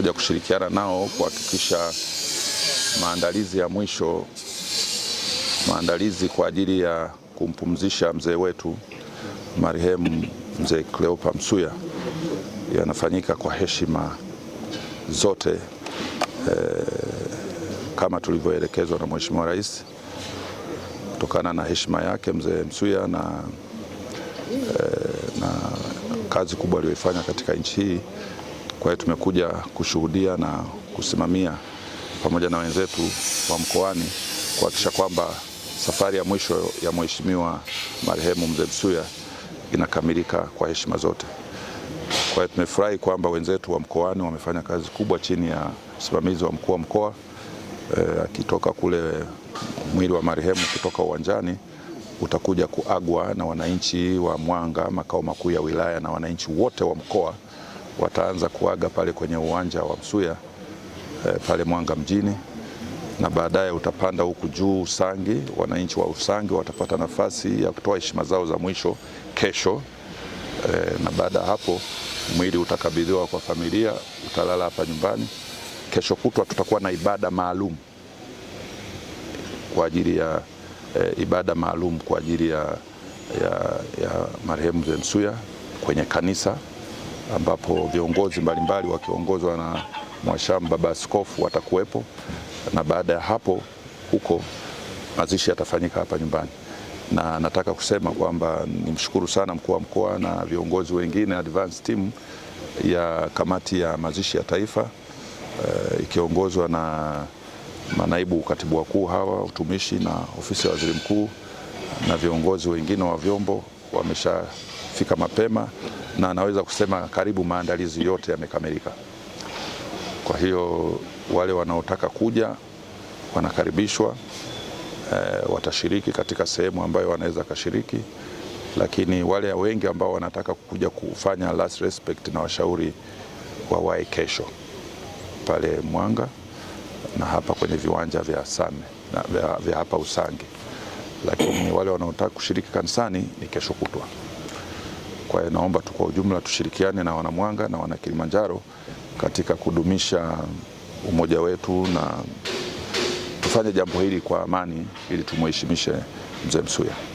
kuja kushirikiana nao kuhakikisha maandalizi ya mwisho, maandalizi kwa ajili ya kumpumzisha mzee wetu marehemu mzee Cleopa Msuya yanafanyika kwa heshima zote e, kama tulivyoelekezwa na Mheshimiwa Rais kutokana na heshima yake mzee Msuya na, e, na kazi kubwa aliyoifanya katika nchi hii. Kwa hiyo tumekuja kushuhudia na kusimamia pamoja na wenzetu wa mkoani kuhakikisha kwamba safari ya mwisho ya mheshimiwa marehemu Mzee Msuya inakamilika kwa heshima zote. Kwa hiyo tumefurahi kwamba wenzetu wa mkoani wamefanya kazi kubwa chini ya usimamizi wa mkuu wa mkoa eh, akitoka kule mwili wa marehemu kutoka uwanjani utakuja kuagwa na wananchi wa Mwanga, makao makuu ya wilaya, na wananchi wote wa mkoa wataanza kuaga pale kwenye uwanja wa Msuya e, pale Mwanga mjini na baadaye utapanda huku juu Usangi. Wananchi wa Usangi watapata nafasi ya kutoa heshima zao za mwisho kesho e, na baada ya hapo mwili utakabidhiwa kwa familia, utalala hapa nyumbani. Kesho kutwa tutakuwa na ibada maalum kwa ajili ya e, ibada maalum kwa ajili ya, ya, ya marehemu Mzee Msuya kwenye kanisa ambapo viongozi mbalimbali wakiongozwa na Mwashamba Baba Askofu watakuwepo, na baada ya hapo huko mazishi yatafanyika hapa nyumbani na nataka kusema kwamba nimshukuru sana mkuu wa mkoa na viongozi wengine advance team ya kamati ya mazishi ya taifa uh, ikiongozwa na manaibu katibu wakuu hawa utumishi na ofisi ya waziri mkuu na viongozi wengine wa vyombo wameshafika mapema na naweza kusema karibu maandalizi yote yamekamilika. Kwa hiyo wale wanaotaka kuja wanakaribishwa, e, watashiriki katika sehemu ambayo wanaweza kashiriki, lakini wale wengi ambao wanataka kuja kufanya last respect na washauri wawae kesho pale Mwanga na hapa kwenye viwanja vya Same na vya hapa Usangi lakini wale wanaotaka kushiriki kanisani ni kesho kutwa. Kwa hiyo naomba tu kwa ujumla tushirikiane na wanamwanga na wana Kilimanjaro katika kudumisha umoja wetu na tufanye jambo hili kwa amani ili tumheshimishe Mzee Msuya.